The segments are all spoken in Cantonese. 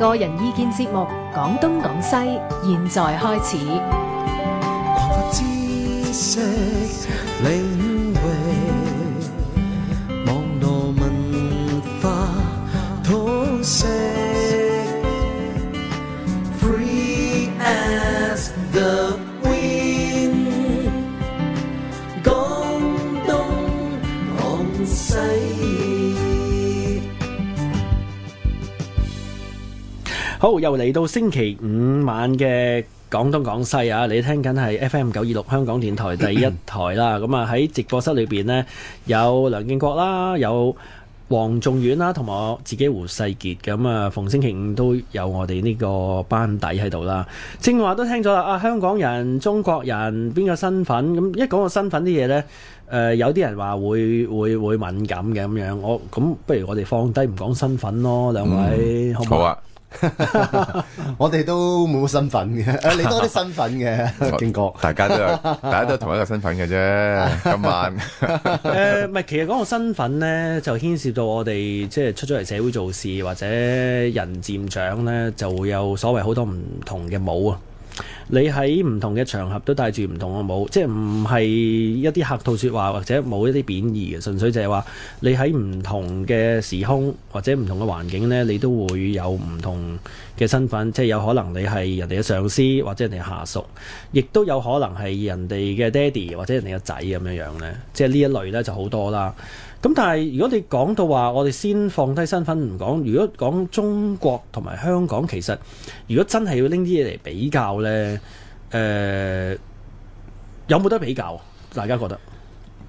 個人意見節目《講東講西》，現在開始。 好，又嚟到星期五晚嘅廣東廣西啊！你聽緊係 FM 九二六香港電台第一台啦。咁 啊喺、嗯、直播室裏邊呢，有梁敬國啦、啊，有黃仲遠啦，同、啊、埋我自己胡世杰。咁啊，逢星期五都有我哋呢個班底喺度啦。正、啊、話都聽咗啦，啊香港人、中國人邊個身份？咁、啊、一講個身份啲嘢呢，誒、呃、有啲人話會會，會敏感嘅咁樣。我咁不如我哋放低唔講身份咯，兩位好唔好？好，好啊。 我哋都冇身份嘅，誒你多啲身份嘅，敬國 過。大家都係大家都係同一個身份嘅啫， 今晚 呃。誒唔係，其實嗰個身份呢，就牽涉到我哋即係出咗嚟社會做事，或者人漸長呢，就會有所謂好多唔同嘅帽啊。你喺唔同嘅場合都戴住唔同嘅帽，即係唔係一啲客套說話或者冇一啲貶義嘅，純粹就係話你喺唔同嘅時空或者唔同嘅環境呢，你都會有唔同嘅身份，即係有可能你係人哋嘅上司或者人哋下屬，亦都有可能係人哋嘅爹哋或者人哋嘅仔咁樣樣呢。即係呢一類呢就好多啦。咁但係如果你講到話我哋先放低身份唔講，如果講中國同埋香港，其實如果真係要拎啲嘢嚟比較咧，誒、呃、有冇得比較？大家覺得？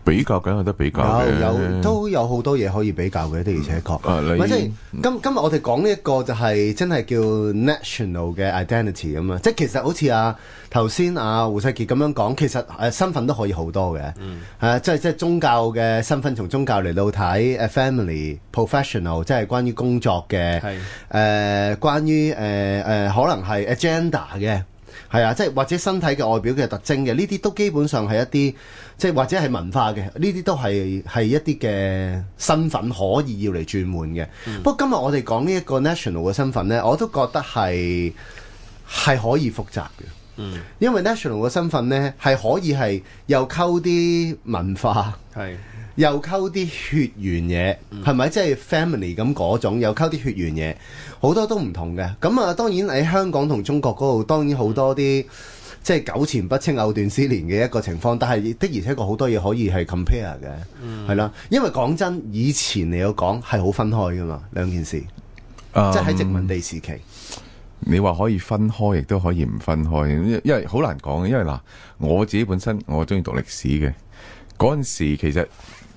比較緊係得比較有，有都有好多嘢可以比較嘅，的而且確。唔係即係今今日我哋講呢一個就係、是、真係叫 national 嘅 identity 咁啊！即係其實好似啊頭先阿胡世傑咁樣講，其實誒、呃、身份都可以好多嘅。嗯，誒、呃、即係即係宗教嘅身份，從宗教嚟到睇誒 family、professional，即係關於工作嘅。係誒是、呃，關於誒誒、呃呃，可能係 agenda 嘅。係啊，即係或者身體嘅外表嘅特徵嘅，呢啲都基本上係一啲，即係或者係文化嘅，呢啲都係係一啲嘅身份可以要嚟轉換嘅。嗯、不過今日我哋講呢一個 national 嘅身份呢，我都覺得係係可以複雜嘅。嗯，因為 national 嘅身份呢，係可以係又溝啲文化係，又溝啲血緣嘢，係咪即係 family 咁嗰種？又溝啲血緣嘢，好多都唔同嘅。咁啊，當然喺香港同中國嗰度，當然好多啲即係糾纏不清、藕斷絲連嘅一個情況。但係的而且確好多嘢可以係 compare 嘅，係啦、嗯。因為講真，以前你有講係好分開㗎嘛，兩件事，即係喺殖民地時期。嗯、你話可以分開，亦都可以唔分開，因為好難講嘅。因為嗱，我自己本身我中意讀歷史嘅嗰陣時，其實。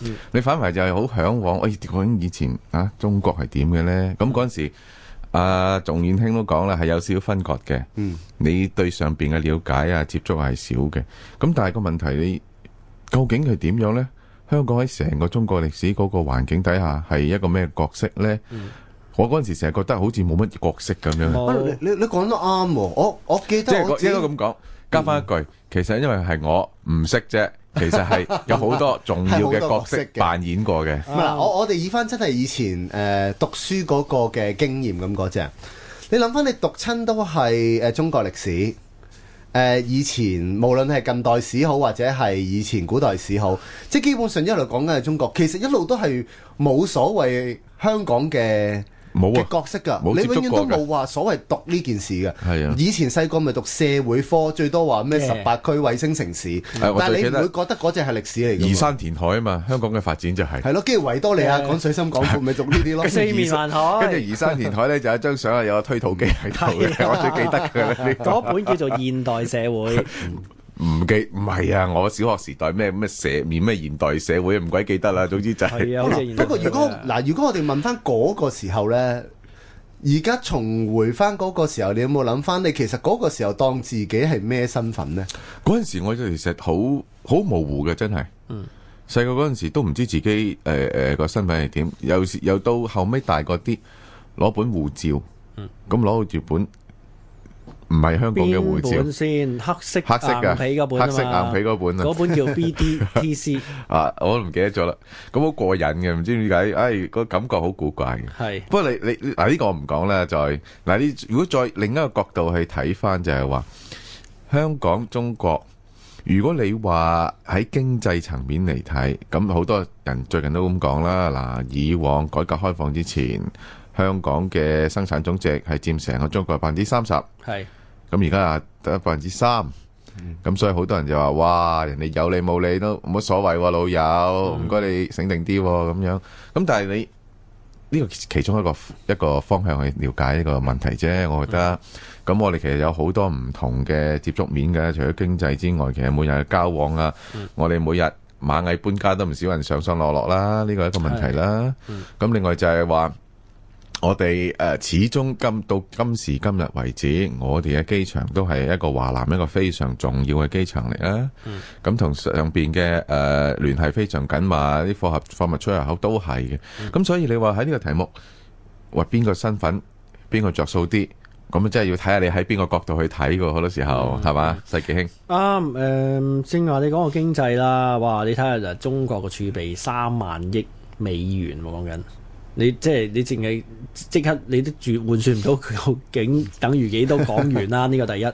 嗯、你反而就係好嚮往，誒、哎，究竟以前啊，中國係點嘅呢？咁嗰陣時，阿仲遠興都講啦，係有少少分割嘅。嗯，你對上邊嘅了解啊，接觸係少嘅。咁但係個問題你，你究竟係點樣呢？香港喺成個中國歷史嗰個環境底下，係一個咩角色呢？嗯、我嗰陣時成日覺得好似冇乜角色咁樣、嗯啊。你你講得啱，我我記得，即係、嗯、應該咁講。加翻一句，其實因為係我唔識啫。嗯 其實係有好多重要嘅角色扮演過嘅。嗯、我我哋以翻真係以前誒、呃、讀書嗰個嘅經驗咁嗰隻，你諗翻你讀親都係誒中國歷史，誒、呃、以前無論係近代史好或者係以前古代史好，即係基本上一路講緊係中國，其實一路都係冇所謂香港嘅。冇角色㗎，你永遠都冇話所謂讀呢件事嘅。係啊，以前細個咪讀社會科，最多話咩十八區衛星城市。但係你唔會覺得嗰隻係歷史嚟嘅。移山填海啊嘛，香港嘅發展就係。係咯，跟住維多利亞港水深港闊咪讀呢啲咯。四面環海。跟住移山填海咧，就有一張相啊，有個推土機喺度嘅，我最記得嘅。嗰本叫做《現代社會》。唔記唔係啊！我小學時代咩咩社面咩現代社會唔鬼記得啦。總之就係、係，啊、 不過如果嗱， 如果我哋問翻嗰個時候咧，而家重回翻嗰個時候，你有冇諗翻？你其實嗰個時候當自己係咩身份咧？嗰陣時我就其實好好模糊嘅，真係。嗯，細個嗰陣時都唔知自己誒誒個身份係點，有時又到後尾大個啲攞本護照，咁攞住本。唔係香港嘅護照先，黑色硬皮嘅本啊！嗰本叫 B D T C 啊，我都唔記得咗啦。咁好過癮嘅，唔知點解，哎，個感覺好古怪嘅。係不過你你嗱呢個我唔講啦，就係嗱呢。如果再另一個角度去睇翻，就係話香港、中國，如果你話喺經濟層面嚟睇，咁好多人最近都咁講啦。嗱，以往改革開放之前，香港嘅生產總值係佔成個中國百分之三十。係。咁而家啊得百分之三，咁、嗯、所以好多人就話：哇，人哋有理冇理都冇所謂、啊，老友，唔該你醒定啲、啊，咁樣。咁但係你呢個其中一個一個方向去了解呢個問題啫，我覺得。咁、嗯、我哋其實有好多唔同嘅接觸面嘅，除咗經濟之外，其實每日嘅交往啊，嗯、我哋每日螞蟻搬家都唔少人上上落落啦，呢個係一個問題啦。咁、嗯嗯、另外就係話。我哋誒、呃、始終今到今時今日為止，我哋嘅機場都係一個華南一個非常重要嘅機場嚟啦。咁同、嗯、上邊嘅誒聯繫非常緊密，啲貨合貨物出入口都係嘅。咁、嗯、所以你話喺呢個題目話邊個身份邊個着數啲，咁啊真係要睇下你喺邊個角度去睇嘅，好多時候係嘛、嗯？世傑兄啱誒，正話、啊呃、你講個經濟啦，哇！你睇下就係中國嘅儲備三萬億美元，我講緊。你即係你淨係即刻，你都注換算唔到佢究竟等於幾多港元啦？呢 個第一。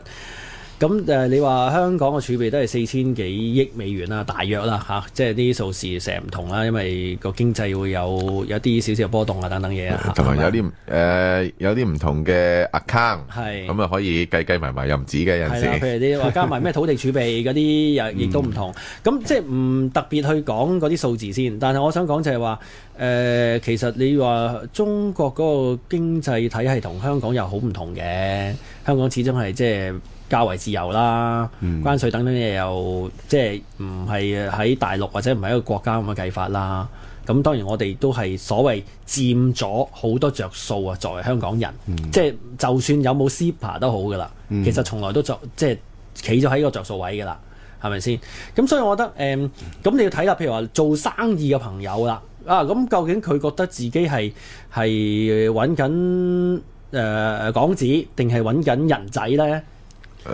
咁誒、嗯，你話香港嘅儲備都係四千幾億美元啦，大約啦嚇、啊，即係啲數字成日唔同啦，因為個經濟會有有啲少少嘅波動啊，等等嘢啊，有吧呃、同埋有啲誒有啲唔同嘅 account，係咁啊，可以計計埋埋又唔止嘅有時。係、啊、譬如你話加埋咩土地儲備嗰啲，又亦 都唔同。咁即係唔特別去講嗰啲數字先，但係我想講就係話誒，其實你話中國嗰個經濟體系同香港又好唔同嘅。香港始終係即係。較為自由啦，嗯、關稅等等嘢又即係唔係喺大陸或者唔係一個國家咁嘅計法啦。咁當然我哋都係所謂佔咗好多着數啊，作為香港人，即係、嗯、就,就算有冇 CPI 都好噶啦。嗯、其實從來都作即係企咗喺個着數位噶啦，係咪先？咁所以我覺得誒，咁、呃、你要睇下，譬如話做生意嘅朋友啦，啊咁究竟佢覺得自己係係揾緊誒港紙，定係揾緊人仔呢？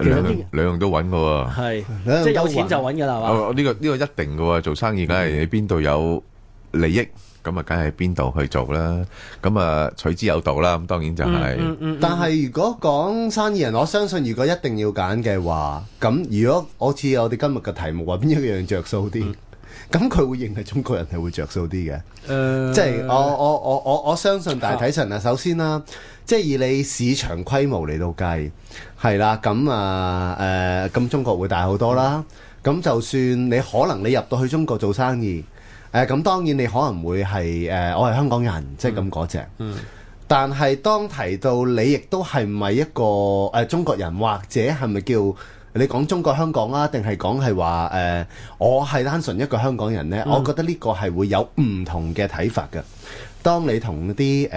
兩兩樣都揾嘅喎，係即係有錢就揾嘅啦呢個呢、這個一定嘅喎、啊，做生意梗係喺邊度有利益，咁啊梗係邊度去做啦、啊。咁啊取之有道啦、啊。咁當然就係、是。嗯嗯嗯嗯、但係如果講生意人，我相信如果一定要揀嘅話，咁如果我似我哋今日嘅題目，話邊一樣着數啲，咁佢、嗯、 會認為中國人係會着數啲嘅。即係、呃、我我我我我，我，我相信。大體上啊，首先啦，啊、即係以你市場規模嚟到計。係啦，咁啊，誒，咁、呃、中國會大好多啦。咁就算你可能你入到去中國做生意，誒、呃，咁當然你可能會係誒、呃，我係香港人，即係咁嗰隻。嗯嗯、但係當提到你亦都係咪一個誒、呃、中國人，或者係咪叫你講中國香港啊？定係講係話誒，我係單純一個香港人呢？嗯、我覺得呢個係會有唔同嘅睇法嘅。當你同啲誒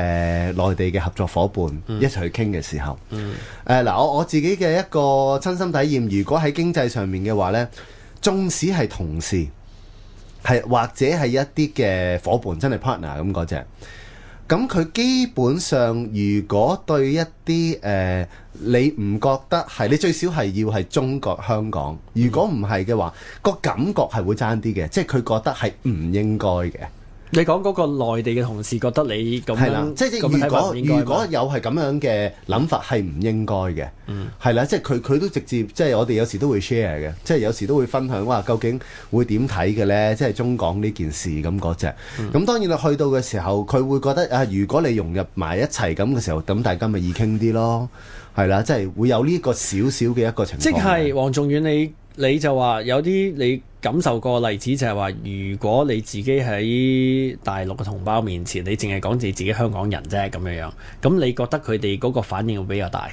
內地嘅合作伙伴一齊去傾嘅時候，誒嗱、嗯嗯呃，我我自己嘅一個親身體驗，如果喺經濟上面嘅話呢，縱使係同事，係或者係一啲嘅伙伴，真係 partner 咁嗰、那、隻、個，咁佢基本上如果對一啲誒、呃、你唔覺得係，你最少係要係中國香港，如果唔係嘅話，個感覺係會爭啲嘅，即係佢覺得係唔應該嘅。你講嗰個內地嘅同事覺得你咁樣，即係如果如果有係咁樣嘅諗法，係唔應該嘅，係啦、嗯，即係佢佢都直接，即係我哋有時都會 share 嘅，即係有時都會分享，哇，究竟會點睇嘅咧？即係中港呢件事咁嗰隻，咁、那個嗯、當然啦，去到嘅時候，佢會覺得啊，如果你融入埋一齊咁嘅時候，咁大家咪易傾啲咯，係啦，即係會有呢個少少嘅一個情況。即係黃仲遠你，你你就話有啲你。感受個例子就係話，如果你自己喺大陸嘅同胞面前，你淨係講住自己香港人啫，咁樣樣咁，你覺得佢哋嗰個反應會比較大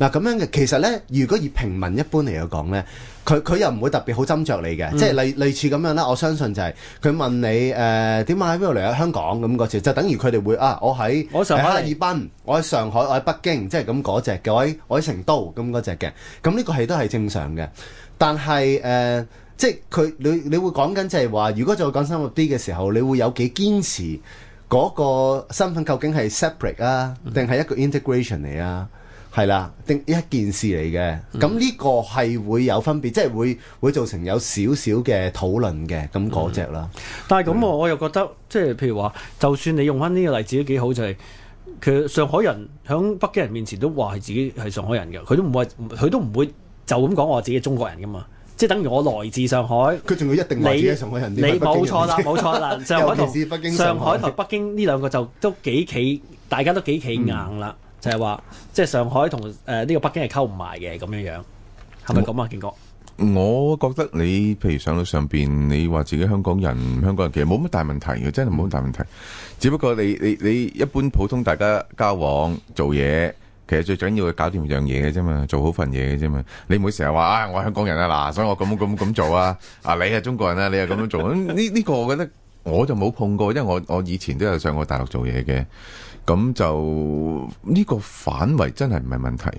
嗱。咁樣嘅其實呢，如果以平民一般嚟講呢，佢佢又唔會特別好斟酌你嘅，嗯、即係類類似咁樣啦。我相信就係佢問你誒點解喺邊度嚟，喺香港咁嗰次就等於佢哋會啊。我喺我上海哈爾濱你，我喺上海，我喺北京，即係咁嗰隻嘅。我喺成都咁嗰隻嘅。咁呢個係都係正常嘅，但係誒。呃呃即係佢你你會講緊就係話，如果再講深入啲嘅時候，你會有幾堅持嗰個身份究竟係 separate 啊，定係一個 integration 嚟啊？係啦，定一件事嚟嘅。咁呢、嗯、個係會有分別，即係會會造成有少少嘅討論嘅咁嗰隻啦。嗯、但係咁我我又覺得，即係是譬如話，就算你用翻呢個例子都幾好，就係、是、其實上海人喺北京人面前都話係自己係上海人嘅，佢都唔會，佢都唔會就咁講我自己係中國人噶嘛。即係等於我來自上海，佢仲要一定來自上海人。你你冇錯啦，冇錯啦。 北京上海同上海同北京呢兩個就都幾企，大家都幾企硬啦。嗯、就係話，即係上海同誒呢個北京係溝唔埋嘅咁樣樣，係咪咁啊，我健哥？我覺得你譬如上到上邊，你話自己香港人，香港人其實冇乜大問題嘅，真係冇乜大問題。只不過你你你，你一般普通大家交往做嘢。其實最緊要係搞掂樣嘢嘅啫嘛，做好份嘢嘅啫嘛。你唔會成日話啊，我香港人啊，嗱，所以我咁咁咁做啊。啊，你係中國人啊，你係咁樣做啊。呢呢個我覺得我就冇碰過，因為我我以前都有上過大陸做嘢嘅。咁就呢個反為真係唔係問題。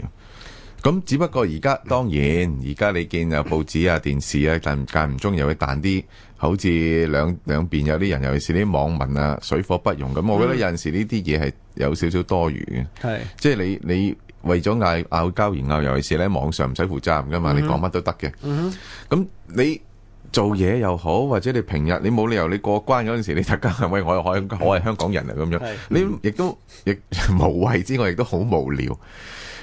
咁，只不過而家當然，而家你見有報紙啊、電視啊，間間唔中又會彈啲，好似兩兩邊有啲人，尤其是啲網民啊，水火不容。咁、嗯，我覺得有陣時呢啲嘢係有少少多餘嘅。係，即係你你為咗嗌嗌交而嗌，尤其是咧網上唔使負責任噶嘛，你講乜都得嘅、嗯。嗯咁你做嘢又好，或者你平日你冇理由你過關嗰陣時，你突然間係喂我又開，我係香港人嚟咁樣，你亦都亦無謂之外，亦都好無聊。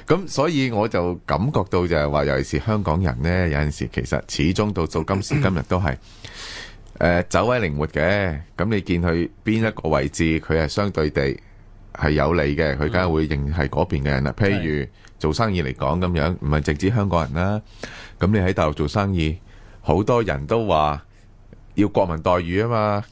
咁所以我就感覺到就係話，尤其是香港人呢，有陣時其實始終到到今時今日都係、呃、走位靈活嘅。咁你見佢邊一個位置，佢係相對地係有利嘅，佢梗係會認係嗰邊嘅人啦。譬如做生意嚟講咁樣，唔係淨止香港人啦。咁你喺大陸做生意，好多人都話要國民待遇啊嘛。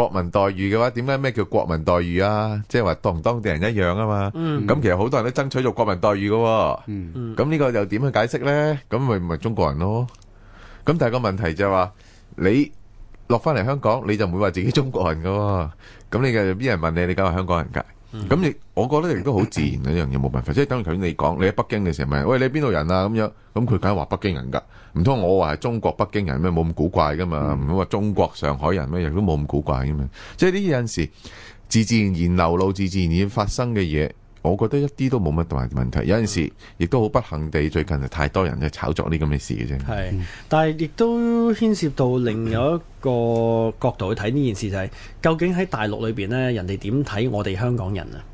國民待遇嘅話，點解咩叫國民待遇啊？即係話當同當地人一樣啊嘛。咁其實好多人都爭取做國民待遇嘅。咁呢個又點去解釋呢？咁咪唔係中國人咯？咁但係個問題就係話，你落翻嚟香港，你就唔會話自己中國人㗎。咁你嘅邊人問你，你梗係香港人㗎？咁亦，我覺得亦都好自然嘅一樣嘢，冇辦法，即係等於頭先你講，你喺北京嘅時候咪，喂，你係邊度人啊咁樣，咁佢梗係話北京人噶，唔通我話係中國北京人咩？冇咁古怪噶嘛，唔好話中國上海人咩？亦都冇咁古怪噶嘛，即係呢啲有陣時自自然然流露、自自然然發生嘅嘢。我覺得一啲都冇乜大問題，有陣時亦都好不幸地，最近就太多人去炒作呢啲咁嘅事嘅啫。係，但係亦都牽涉到另有一個角度去睇呢件事，就係究竟喺大陸裏邊呢，人哋點睇我哋香港人啊？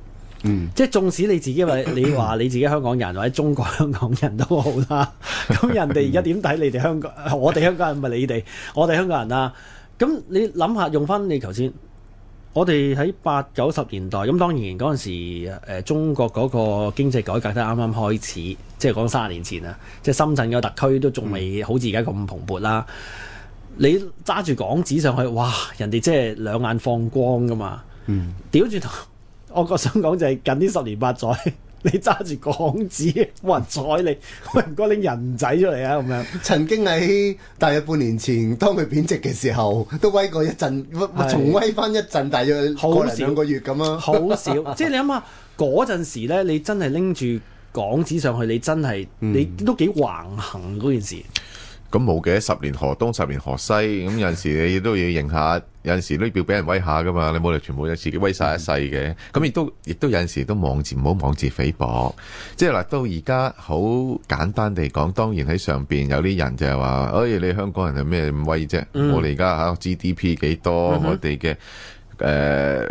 嗯，即係縱使你自己話你話你自己香港人或者中國香港人都好啦，咁人哋而家點睇你哋香港？我哋香港人係咪你哋？我哋香港人啊？咁你諗下，用翻你頭先。我哋喺八九十年代，咁、嗯、當然嗰陣時、呃、中國嗰個經濟改革都啱啱開始，即係講三十年前啦，即係深圳嘅特區都仲未好似而家咁蓬勃啦。你揸住港紙上去，哇！人哋即係兩眼放光㗎嘛。嗯，屌住同，我個想講就係近呢十年八載。你揸住港紙，冇人睬你，可唔可以拎人仔出嚟啊？咁 樣，曾經喺大約半年前，當佢貶值嘅時候，都威過一陣，重的威翻一陣，大約過兩個、個月咁咯。好少， 少，即係你諗下，嗰陣時咧，你真係拎住港紙上去，你真係，你都幾橫行嗰件事。咁冇嘅，十年河東十年河西，咁有陣時你都要認下，有陣時呢表俾人威下噶嘛，你冇理由全部自己威晒一世嘅。咁亦都亦都有陣時都望住，唔好妄自菲薄，即係嗱，到而家好簡單地講，當然喺上邊有啲人就係話，哎，你香港人係咩威啫？嗯、我哋而家嚇 GDP 幾多？嗯、哼我哋嘅。誒，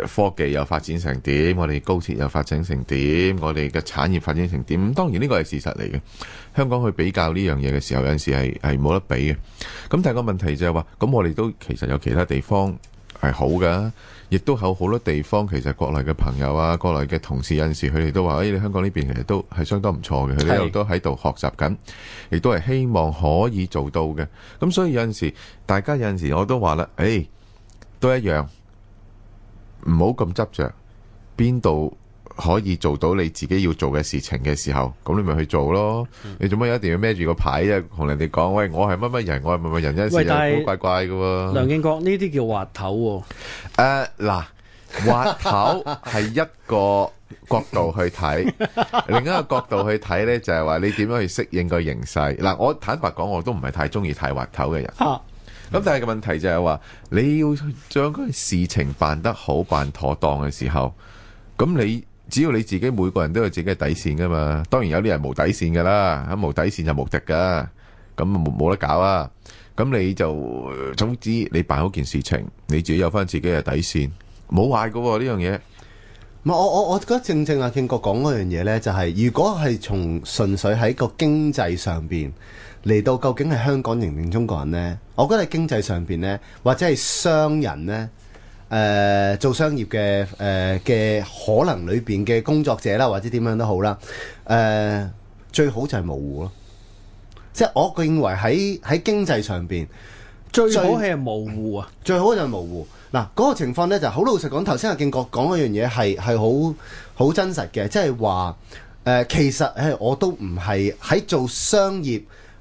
科技又發展成點？我哋高鐵又發展成點？我哋嘅產業發展成點？咁當然呢個係事實嚟嘅。香港去比較呢樣嘢嘅時候，有陣時係係冇得比嘅。咁但係個問題就係話，咁我哋都其實有其他地方係好㗎，亦都有好多地方其實國內嘅朋友啊、國內嘅同事有陣時佢哋都話，誒、哎，你香港呢邊其實都係相當唔錯嘅，佢哋一路都喺度學習緊，亦都係希望可以做到嘅。咁所以有陣時大家有陣時我都話啦，誒、哎，都一樣。唔好咁執着，邊度可以做到你自己要做嘅事情嘅時候，咁你咪去做咯。嗯、你做乜一定要孭住個牌啊？同人哋講，喂，我係乜乜人，我係乜乜人，呢喂時又古是怪怪嘅喎、啊。梁敬國呢啲叫滑頭喎、哦。嗱、uh,，滑頭係一個角度去睇， 另一個角度去睇呢，就係、是、話你點樣去適應個形勢。嗱，我坦白講，我都唔係太中意太滑頭嘅人。 咁、嗯、但係個問題就係話，你要將嗰事情辦得好、辦妥當嘅時候，咁你只要你自己每個人都有自己嘅底線噶嘛，當然有啲人無底線噶啦，咁無底線就無敵噶，咁冇得搞啊！咁你就總之你辦好件事情，你自己有翻自己嘅底線，冇壞噶呢樣嘢。唔係我我我覺得正正阿敬國講嗰樣嘢呢，就係如果係從純粹喺個經濟上邊。嚟到究竟係香港人定中國人呢？我覺得經濟上邊呢，或者係商人呢，誒、呃、做商業嘅誒嘅可能裏邊嘅工作者啦，或者點樣都好啦，誒、呃、最好就係模糊咯。即係我認為喺喺經濟上邊最，最好係模糊啊！最好就係模糊嗱嗰、那個情況呢，就好、是、老實講，頭先阿勁國講嗰樣嘢係係好好真實嘅，即係話誒其實誒我都唔係喺做商業。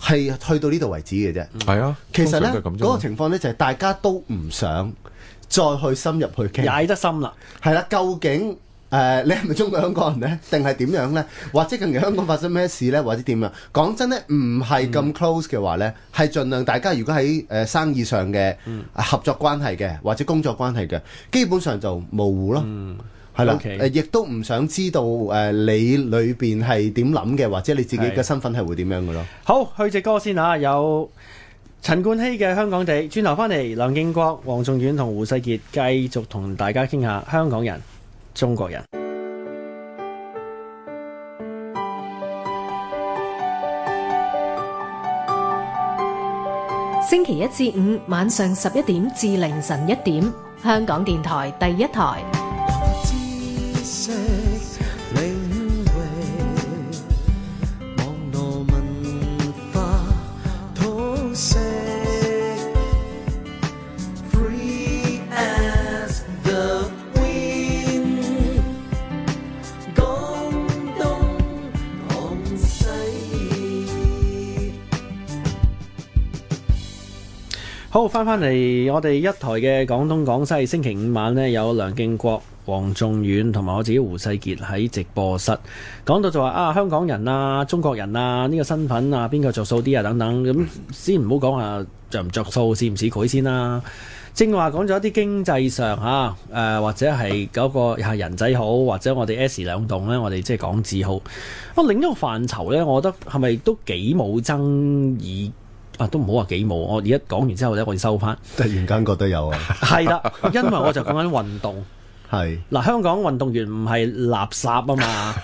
係去到呢度為止嘅啫，係啊、嗯。其實呢嗰個情況呢，就係、是、大家都唔想再去深入去傾，傾得深啦。係啦，究竟誒、呃，你係咪中國香港人呢？定係點樣呢？或者近期香港發生咩事呢？或者點樣？講真呢，唔係咁 close 嘅話呢，係盡、嗯、量大家如果喺誒生意上嘅合作關係嘅，或者工作關係嘅，基本上就模糊咯。嗯係啦，誒，亦都唔想知道誒，你裏邊係點諗嘅，或者你自己嘅身份係會點樣嘅咯。好，去隻歌先啊！有陳冠希嘅《香港地》，轉頭翻嚟，梁敬國、黃仲遠同胡世傑繼續同大家傾下香港人、中國人。星期一至五晚上十一點至凌晨一點，香港電台第一台。好，翻返嚟我哋一台嘅廣東廣西，星期五晚呢，有梁敬國、黃仲遠同埋我自己胡世傑喺直播室講到就話啊香港人啊中國人啊呢個身份啊邊個着數啲啊等等咁先，唔好講啊着唔着數試唔試佢先啦，啊。正話講咗一啲經濟上吓誒、啊、或者係嗰個係人仔好或者我哋 S 兩棟呢，我哋即係港字好。不過另一個範疇呢，我覺得係咪都幾冇爭議？啊，都唔好話幾冇。我而家講完之後咧，我要收翻。突然間覺得有啊，係啦，因為我就講緊運動係嗱。香港運動員唔係垃圾啊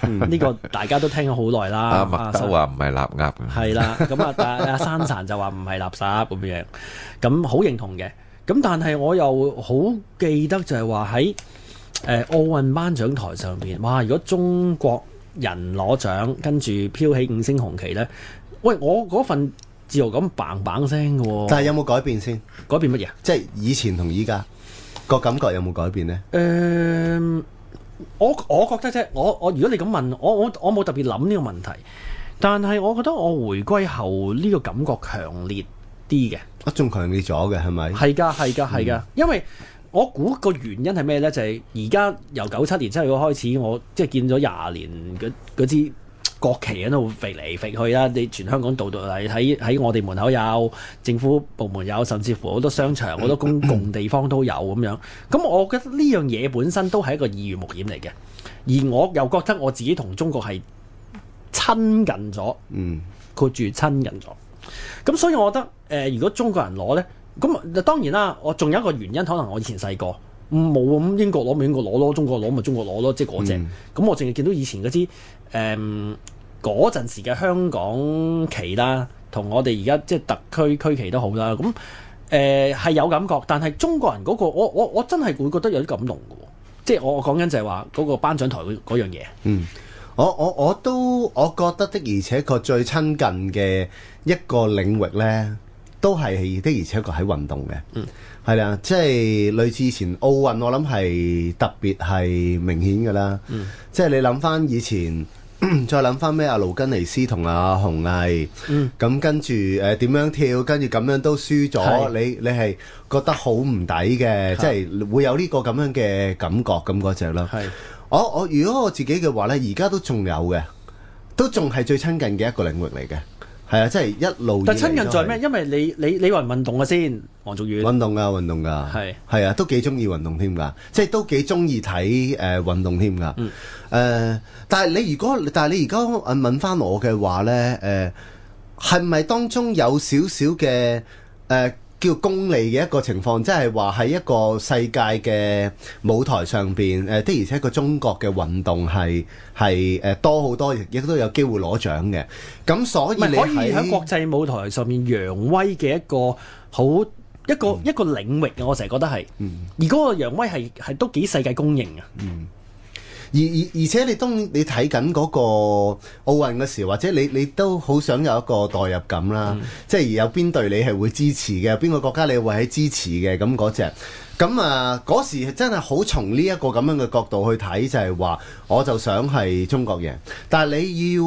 嘛，呢個大家都聽咗好耐啦。阿麥兜話唔係鴨鴨，係啦。咁啊，阿阿珊珊就話唔係垃圾咁樣，咁好認同嘅。咁但係我又好記得就係話喺誒奧運頒獎台上面哇，如果中國人攞獎跟住飄起五星紅旗呢，喂，我嗰份。自由咁砰砰聲嘅喎，但係有冇改變先？改變乜嘢？即係以前同依家個感覺有冇改變呢？誒、呃，我我覺得啫，我我如果你咁問我，我我冇特別諗呢個問題，但係我覺得我回歸後呢個感覺強烈啲嘅，啊，仲強烈咗嘅係咪？係㗎，係㗎，係㗎，嗯、因為我估個原因係咩呢？就係而家由九七年七月開始，我即係、就是、見咗廿年嗰支。國旗喺度飛嚟飛去啦！你全香港度度係喺喺我哋門口有政府部門有，甚至乎好多商場、好多公共地方都有咁樣。咁我覺得呢樣嘢本身都係一個意願目染嚟嘅。而我又覺得我自己同中國係親近咗，嗯，括住親近咗。咁所以我覺得，誒、呃，如果中國人攞呢，咁當然啦，我仲有一個原因，可能我以前細個冇咁，英國攞咪英國攞咯，中國攞咪中國攞咯，即係嗰隻。咁、嗯、我淨係見到以前嗰啲誒。嗯嗰陣時嘅香港期啦，同我哋而家即係特區區期都好啦。咁誒係有感覺，但係中國人嗰個，我我我真係會覺得有啲感動嘅。即係我我講緊就係話嗰個頒獎台嗰樣嘢。嗯，我我我都我覺得的而且確最親近嘅一個領域呢，都係的而且確喺運動嘅。嗯，係啦，即係類似以前奧運，我諗係特別係明顯嘅啦。嗯，即係你諗翻以前。再諗翻咩阿盧根尼斯同阿熊倪，咁、嗯、跟住誒點樣跳，跟住咁樣都輸咗是的，你你係覺得好唔抵嘅，是的 即係會有呢個咁樣嘅感覺，咁嗰隻咯。係、那個、是的 我我如果我自己嘅話咧，而家都仲有嘅，都仲係最親近嘅一個領域嚟嘅。係啊，真係一路。但親人在咩？因為你你你話運動嘅先，黃仲遠。運動㗎，運動㗎。係。係啊，都幾中意運動添㗎，即係都幾中意睇誒運動添㗎。誒、呃嗯呃，但係你如果，但係你而家問翻我嘅話咧，誒係咪係當中有少少嘅誒？呃叫功利嘅一個情況，即係話喺一個世界嘅舞台上邊，誒的而且確中國嘅運動係係誒多好多，亦都有機會攞獎嘅。咁所以你係可以喺國際舞台上面揚威嘅一個好一個一個領域，我成日覺得係，而嗰個揚威係係都幾世界公認嘅。嗯。而而而且你當你睇緊嗰個奧運嘅時候，或者你你都好想有一個代入感啦，嗯、即係有邊隊你係會支持嘅，邊個國家你會喺支持嘅咁嗰只，咁啊嗰時真係好從呢一個咁樣嘅角度去睇，就係、是、話我就想係中國人，但係你要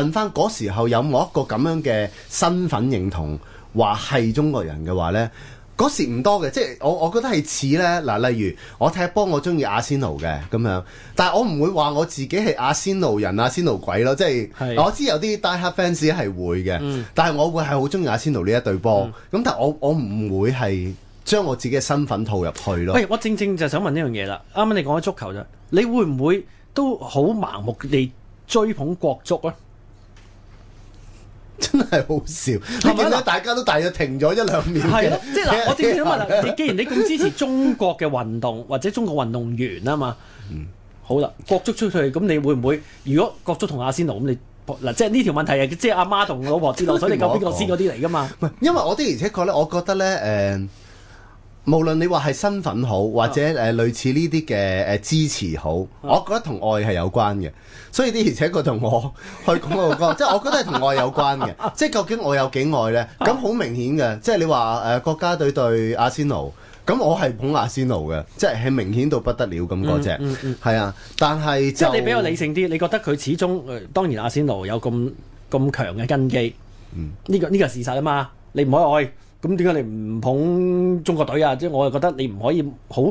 問翻嗰時候有冇一個咁樣嘅身份認同話係中國人嘅話呢？嗰 時唔多嘅，即係我我覺得係似咧嗱，例如我踢波，我中意阿仙奴嘅咁樣，但係我唔會話我自己係阿仙奴人、阿仙奴鬼咯，即係我知有啲 diehard fans 係會嘅，嗯、但係我會係好中意阿仙奴呢一隊波，咁、嗯、但係我我唔會係將我自己嘅身份套入去咯。喂，我正正就想問呢樣嘢啦，啱啱你講咗足球啫，你會唔會都好盲目地追捧國足咧？真係好笑，係咪咧？大家都大約停咗一兩秒嘅。即係嗱， 我正想問啦，你既然你咁支持中國嘅運動或者中國運動員啊嘛，嗯，好啦，國足出去咁，你會唔會？如果國足同阿仙奴咁，你嗱，即係呢條問題係即係阿媽同老婆知道，所以你救邊個先嗰啲嚟㗎嘛？因為我啲而且確咧，我覺得咧，誒、呃。無論你話係身份好，或者誒類似呢啲嘅誒支持好，我覺得同愛係有關嘅。所以啲而且佢同我去講個 即係我覺得係同愛有關嘅。 即係究竟我有幾愛呢？咁好明顯嘅，即係你話誒國家隊對，對阿仙奴，咁我係捧阿仙奴嘅，即係係明顯到不得了咁嗰隻，係、嗯嗯嗯、啊。但係即係你比較理性啲，你覺得佢始終、呃、當然阿仙奴有咁咁強嘅根基，呢、嗯這個呢、這個係事實啊嘛，你唔可以愛。咁點解你唔捧中國隊啊？即係我係覺得你唔可以好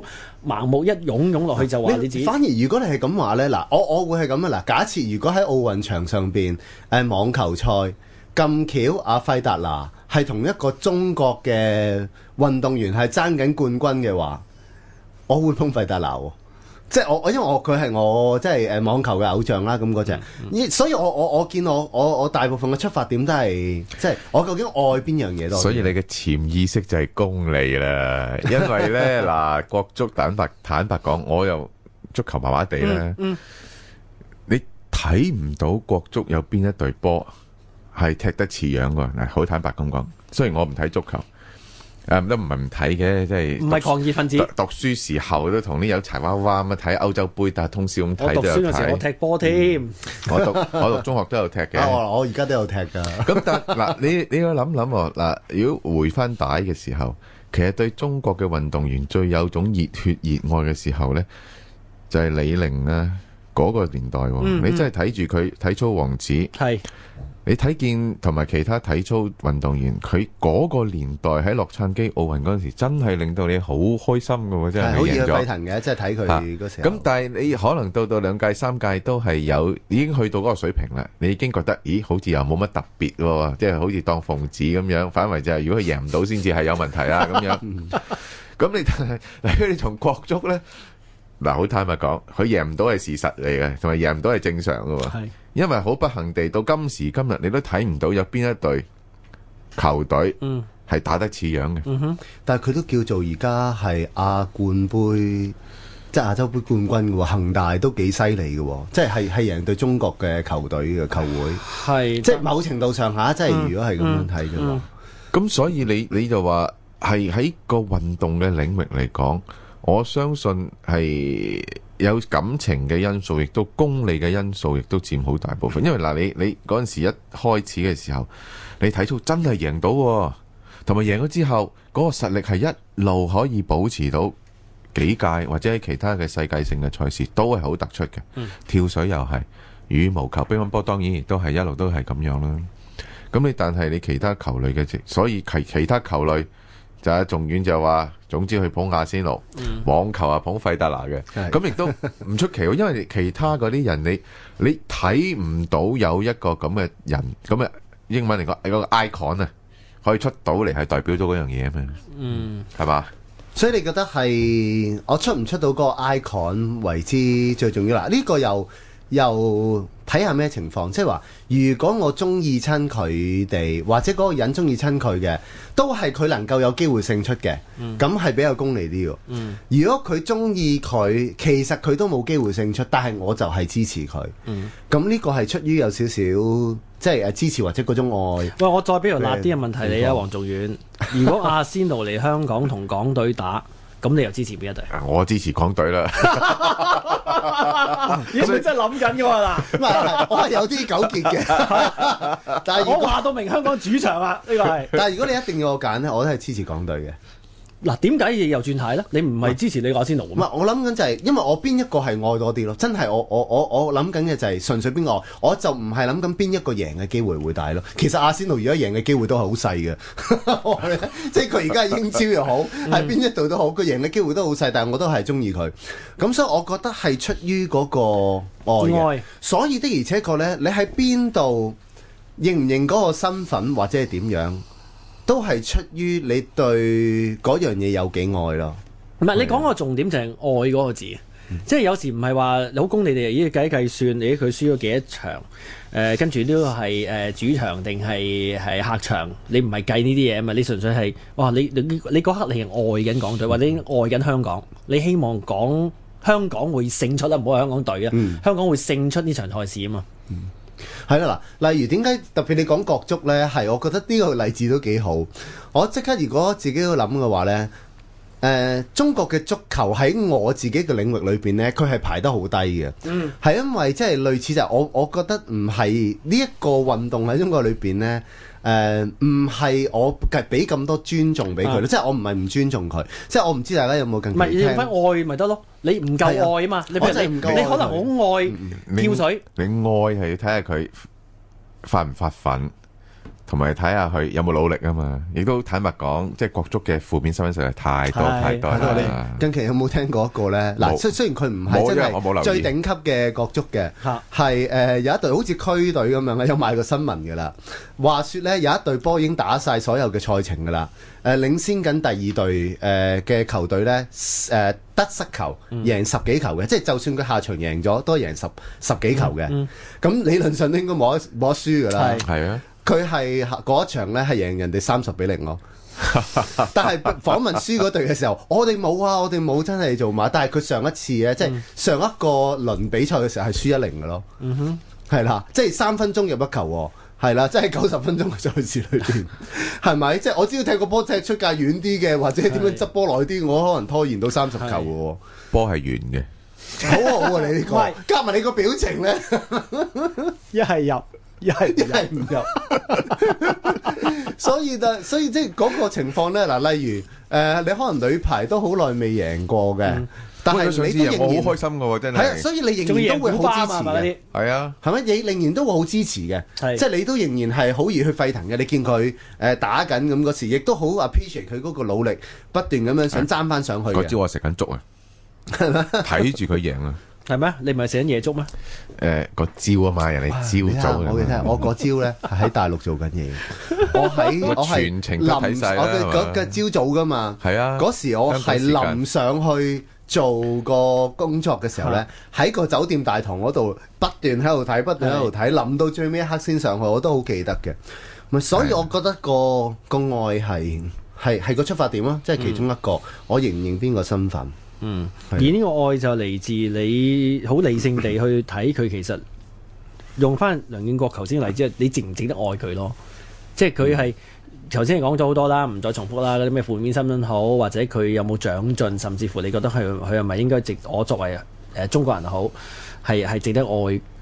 盲目一擁擁落去就話你自己。反而如果你係咁話呢，嗱，我我會係咁啊！嗱，假設如果喺奧運場上邊，誒網球賽咁巧阿、啊、費達拿係同一個中國嘅運動員係爭緊冠軍嘅話，我會捧費達拿喎。即係我我因為我佢係我即係誒網球嘅偶像啦咁嗰隻，所以我我我見我我我大部分嘅出發點都係即係我究竟愛邊樣嘢多？所以你嘅潛意識就係功利啦，因為咧嗱， 國足坦白坦白講，我又足球麻麻地啦。嗯嗯、你睇唔到國足有邊一隊波係踢得似樣噶，嗱，好坦白咁講。雖然我唔睇足球。誒、呃，都唔係唔睇嘅，即係唔係狂熱分子。讀讀書時候都同啲有柴娃娃咁啊睇歐洲杯打，但係通宵咁睇都睇。我讀書嘅時候我踢波添。嗯、 我讀我讀中學都有踢嘅、啊。我而家都有踢噶。咁 但嗱，你你要諗諗喎嗱，如果回翻帶嘅時候，其實對中國嘅運動員最有種熱血熱愛嘅時候咧，就係、是、李寧咧嗰個年代。嗯、你真係睇住佢體操王子。係。你睇見同埋其他體操運動員，佢嗰個年代喺洛杉磯奧運嗰陣時，真係令到你好開心嘅喎、嗯，真係贏咗。好有喜嘅，即係睇佢嗰時。咁但係你可能到到兩屆三屆都係有，已經去到嗰個水平啦。你已經覺得，咦？好似又冇乜特別喎，即係、嗯、好似當奉旨咁樣。反為就係如果佢贏唔到，先至係有問題啦。咁 樣咁你但係嗱，你同國足呢，嗱，好坦白講，佢贏唔到係事實嚟嘅，同埋贏唔到係正常嘅。係，因為好不幸地，到今時今日，你都睇唔到有邊一隊球隊，嗯，係打得似樣嘅。嗯哼，但係佢都叫做而家係亞冠杯，即係亞洲杯冠軍嘅恒大都幾犀利嘅，即係係係贏對中國嘅球隊嘅球會。係，即係某程度上下，即係如果係咁樣睇嘅話，咁所以你你就話係喺個運動嘅領域嚟講。我相信係有感情嘅因素，亦都功利嘅因素，亦都佔好大部分。因為嗱，你你嗰陣時一開始嘅時候，你體操真係贏到喎，同埋贏咗之後，嗰個實力係一路可以保持到幾屆，或者喺其他嘅世界性嘅賽事都係好突出嘅。跳水又係羽毛球、乒乓波，當然亦都係一路都係咁樣啦。咁你但係你其他球類嘅，所以其其他球類。就係仲遠就話，總之去捧阿仙奴、嗯、網球啊，捧費達拿嘅，咁亦是都唔出奇，因為其他嗰啲人你你睇唔到有一個咁嘅人，咁嘅英文嚟講有個 icon 啊，可以出到嚟係代表咗嗰樣嘢啊嘛，嗯，係嘛吧？所以你覺得係我出唔出到個 icon 為之最重要啦？呢個又。又睇下咩情況，即係話如果我中意親佢哋，或者嗰個人中意親佢嘅，都係佢能夠有機會勝出嘅，咁係、嗯、比較功利啲喎。嗯、如果佢中意佢，其實佢都冇機會勝出，但係我就係支持佢。咁呢、嗯、個係出於有少少即係、就是、支持或者嗰種愛。喂，我再俾個辣啲嘅問題你啊，黃仲遠， 如果阿仙奴嚟香港同港隊打？咁你又支持邊一隊？我支持港隊啦。你真係諗緊噶嗱？我有啲糾結嘅。 但係 我話到明香港主場啦，呢、呢個係。 但係如果你一定要我揀咧，我都係支持港隊嘅。嗱，點解嘢又轉態咧？你唔係支持你阿仙奴喎？唔係，我諗緊就係，因為我邊一個係愛多啲咯。真係我我我我諗緊嘅就係純粹邊個愛，我就唔係諗緊邊一個贏嘅機會會大咯。其實阿仙奴而家贏嘅機會都係好細嘅，即係佢而家英超又好，係邊 一度都好，佢贏嘅機會都好細。但係我都係中意佢。咁所以我覺得係出於嗰個愛，愛？所以的而且確咧，你喺邊度認唔認嗰個身份或者係點樣？都係出於你對嗰樣嘢有幾愛咯。唔係你講個重點就係愛嗰個字，即係有時唔係話老公你哋要計計算，你佢輸咗幾多場？誒跟住都係誒主場定係係客場？你唔係計呢啲嘢啊嘛？你純粹係哇你你你嗰刻你係愛緊港隊或者愛緊香港，你希望講香港會勝出啦，唔好係香港隊啊，香港會勝出呢場賽事啊嘛。係啦嗱，例如點解特別你講國足呢？係我覺得呢個例子都幾好。我即刻如果自己去諗嘅話呢，誒、呃，中國嘅足球喺我自己嘅領域裏邊呢，佢係排得好低嘅。嗯，係因為即係、就是、類似就係、是、我我覺得唔係呢一個運動喺中國裏邊呢，誒、呃，唔係我係俾咁多尊重俾佢咯，即係我唔係唔尊重佢，即係我唔知大家有冇更加愛咪得咯。你唔夠愛啊嘛，你可能好愛跳水，你，你愛係要睇下佢發唔發奮。同埋睇下佢有冇努力啊嘛，亦都坦白講，即、就、係、是、國足嘅負面新聞實在太多是太多，近期有冇聽過一個呢？嗱有，雖雖然佢唔係真係最頂級嘅國足嘅，係誒有，有、呃、有一隊好似區隊咁樣咧，有賣過新聞噶啦。話說呢，有一隊波已經打晒所有嘅賽程噶啦，誒、呃、領先緊第二隊誒嘅球隊呢，誒得失球贏十幾球嘅，嗯、即係就算佢下場贏咗，都贏十十幾球嘅。咁、嗯嗯、理論上都應該冇冇得輸噶啦。係啊。的的佢係嗰一場咧，係贏人哋三十比零咯。但係訪問輸嗰隊嘅時候， 我哋冇啊，我哋冇真係做馬。但係佢上一次咧，嗯、即係上一個輪比賽嘅時候係輸一零嘅咯。嗯、哼，係啦，即係三分鐘入一球，係啦，即係九十分鐘嘅賽事裏邊，係咪？ 即係我只要踢個波踢出界遠啲嘅，或者點樣執波耐啲，我可能拖延到三十球嘅波係遠嘅，好好啊！你呢、呢個 是加埋你個表情咧，一係入。又係唔入，所以就所以即係嗰個情況咧嗱，例如誒、呃，你可能女排都好耐未贏過嘅，嗯、但係你仍然好、嗯、開心嘅喎，真係。係啊，所以你仍然都會好支持嘅，係、嗯、啊，係咪？你仍然都會好支持嘅，即係、啊、你都仍然係好易去沸騰嘅。你見佢誒打緊咁嗰時，亦都好 appreciate 佢嗰個努力，不斷咁樣想爭翻上去。佢知我食緊粥啊，睇住佢贏啊！係咩？你唔係寫緊夜粥咩？誒，個朝啊嘛，人哋朝早。我嘅真係，我嗰朝咧喺大陸做緊嘢。我係我係臨我嘅嗰嘅朝早噶嘛。係啊。嗰時我係臨上去做個工作嘅時候咧，喺個酒店大堂嗰度不斷喺度睇，不斷喺度睇，諗到最尾一刻先上去，我都好記得嘅。咪所以我覺得個個愛係係係個出發點咯，即係其中一個。我認唔認邊個身份？嗯，而呢個愛就嚟自，你好理性地去睇佢，其實用翻，梁敬國頭先嘅例子，你值唔值得愛佢咯？即係佢係頭先講咗好多啦，唔再重複啦。嗰啲咩負面新聞好，或者佢有冇長進，甚至乎你覺得佢佢係咪應該值？我作為誒、呃、中國人好係係值得愛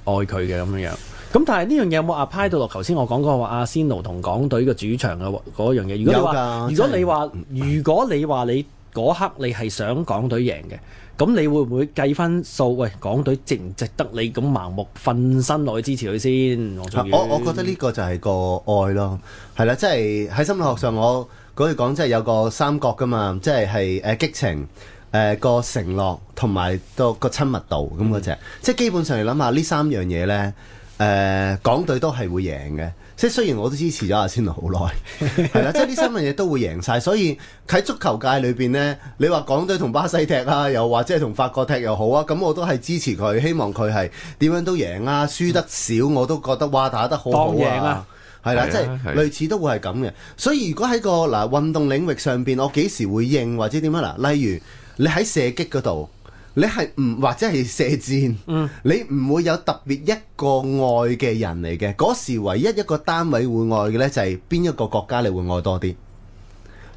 愛佢嘅，咁樣樣有有。咁但係呢樣嘢有冇 apply 到落頭先我講過話阿仙奴同港隊嘅主場嘅嗰樣嘢？如果話的如果你話實如果你話你，你。嗰刻你係想港隊贏嘅，咁你會唔會計翻數？喂，港隊值唔值得你咁盲目瞓身落去支持佢先？我我，我覺得呢個就係個愛咯，係啦，即係喺心理學上我，我可以講即係有個三角㗎嘛，即係係誒激情、誒、啊、個承諾同埋個個親密度咁嗰隻，嗰個就係嗯、即係基本上嚟諗下呢三樣嘢呢。誒、呃，港隊都係會贏嘅，即係雖然我都支持咗阿仙奴好耐，係啦， 即係啲新聞嘢都會贏晒，所以喺足球界裏邊呢，你話港隊同巴西踢啊，又或者同法國踢又好啊，咁我都係支持佢，希望佢係點樣都贏啊，輸得少我都覺得哇，打得好好啊，係啦，即係類似都會係咁嘅，所以如果喺個嗱運、呃、動領域上邊，我幾時會應或者點樣嗱，例如你喺射擊嗰度。你係唔或者係射箭，嗯、你唔會有特別一個愛嘅人嚟嘅。嗰時唯一一個單位會愛嘅呢，就係邊一個國家你會愛多啲。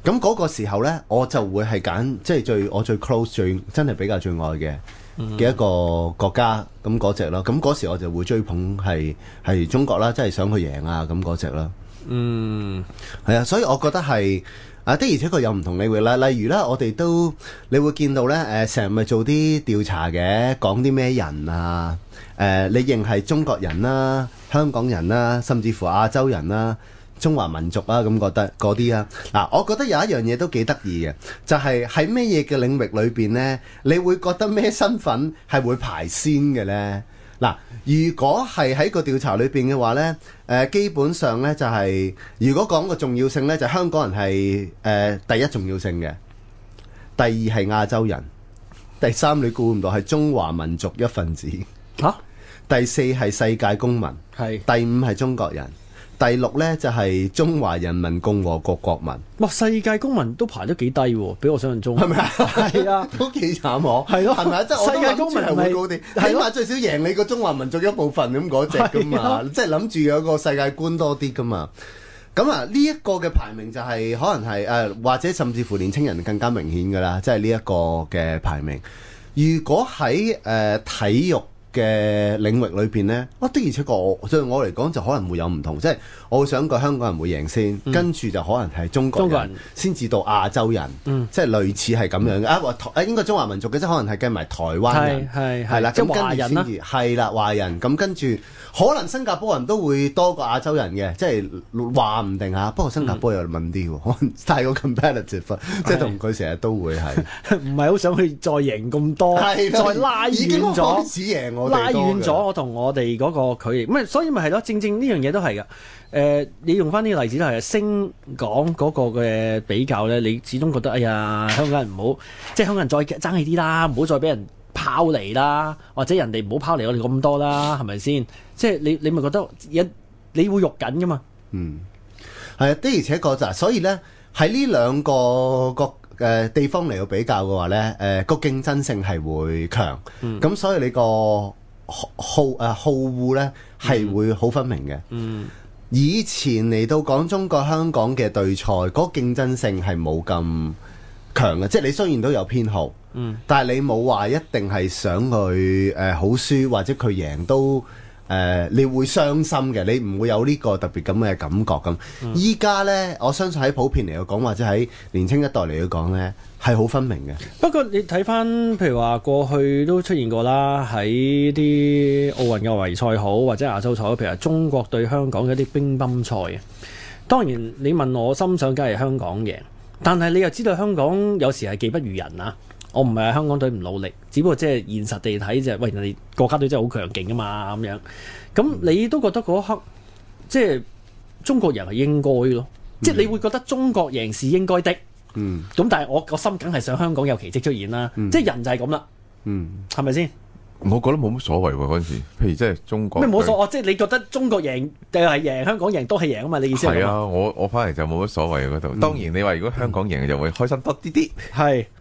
咁嗰個時候呢，我就會係揀即係最我最 close 最真係比較最愛嘅嘅一個國家咁嗰隻咯。咁嗰、嗯那個、時我就會追捧係係中國啦，真、就、係、是、想去贏啊咁嗰隻啦。那個那個、嗯，係啊，所以我覺得係。啊的而且確有唔同領域啦，例如啦，我哋都你會見到咧，誒成日咪做啲調查嘅，講啲咩人啊？誒、呃，你認係中國人啦、啊、香港人啦、啊，甚至乎亞洲人啦、啊、中華民族啦。咁覺得嗰啲啊。嗱、啊啊，我覺得有一樣嘢都幾得意嘅，就係喺咩嘢嘅領域裏邊咧，你會覺得咩身份係會排先嘅咧？嗱，如果係喺個調查裏邊嘅話咧，誒基本上咧就係，如果講個重要性咧，就香港人係誒第一重要性嘅，第二係亞洲人，第三你估唔到係中華民族一份子，嚇，第四係世界公民，係，第五係中國人。第六呢，就係、是、中華人民共和國國民，哇！世界公民都排咗幾低喎、啊，比我想像中係咪吧 啊？係啊，都幾慘嗬、啊。係咯、啊，係咪即係世界公民係會高啲，啊、起碼最少贏你個中華民族一部分咁嗰隻噶嘛，即係諗住有個世界觀多啲噶嘛。咁啊，呢、這、一個嘅排名就係可能係誒、呃，或者甚至乎年青人更加明顯噶啦，即係呢一個嘅排名。如果喺誒、呃、體育嘅領域裏邊呢，我的而且確對我嚟講就可能會有唔同，即係我會想個香港人會贏先，跟住就可能係中國人先至到亞洲人，即係類似係咁樣嘅。啊，應該中華民族嘅，即可能係計埋台灣人，係啦，即係華人啦，係啦華人，咁跟住可能新加坡人都會多過亞洲人嘅，即係話唔定嚇。不過新加坡又問啲喎，可能太過 competitive，即係同佢成日都會係唔係好想去再贏咁多，再拉遠咗。已經開始贏。拉遠咗我同我哋嗰個距離，咁所以咪係咯，正正呢樣嘢都係噶。誒、呃，你用翻呢個例子都係，星港嗰個嘅比較咧，你始終覺得哎呀，香港人唔好，即係香港人再爭氣啲啦，唔好再俾人拋離啦，或者人哋唔好拋離我哋咁多啦，係咪先？即係你你咪覺得有，你會喐緊噶嘛？嗯，係啊，的而且確就所以咧喺呢兩個個。誒、呃、地方嚟到比較嘅話，呃嗯啊、呢誒個競爭性係會強，咁所以你個好誒好惡呢係會好分明嘅。以前嚟到講中國香港嘅對賽，嗰競爭性係冇咁強嘅，即係你雖然都有偏好，嗯、但係你冇話一定係想佢誒、呃、好輸或者佢贏都。誒、呃，你會傷心嘅，你唔會有呢個特別咁嘅感覺咁。依家、嗯、呢，我相信喺普遍嚟講，或者喺年輕一代嚟講呢係好分明嘅。不過你睇翻，譬如話過去都出現過啦，喺啲奧運嘅圍賽好，或者亞洲賽，譬如話中國對香港嗰啲乒乓賽。當然，你問我心想梗係香港贏，但係你又知道香港有時係技不如人啊。我唔係香港隊唔努力，只不過即係現實地睇就是、喂人哋國家隊真係好強勁噶嘛咁樣。咁你都覺得嗰刻即係、就是、中國人係應該咯，mm hmm. 即係你會覺得中國贏是應該的。嗯、mm，咁、hmm. 但係我個心梗係想香港有奇蹟出現啦。Mm hmm. 即係人就係咁啦。嗯、mm，係咪先？我覺得冇乜所謂喎嗰陣時，譬如即係中國咩冇所、啊，我對 即係你覺得中國贏定係贏，香港贏都係贏啊嘛？你意思係？啊，我我翻嚟就冇乜所謂嗰度。Mm hmm. 當然你話如果香港贏就會開心多啲啲係。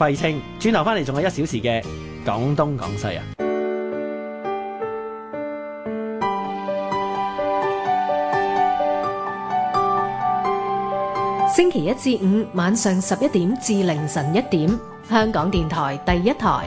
廢青，轉頭翻嚟仲有一小時嘅廣東廣西啊！星期一至五晚上十一點至凌晨一點，香港電台第一台。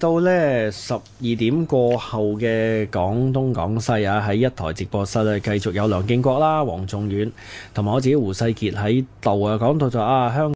到咧十二點過後嘅廣東廣西啊，喺一台直播室咧繼續有梁敬國啦、黃仲遠同埋我自己胡世杰喺度啊，講到就啊香港。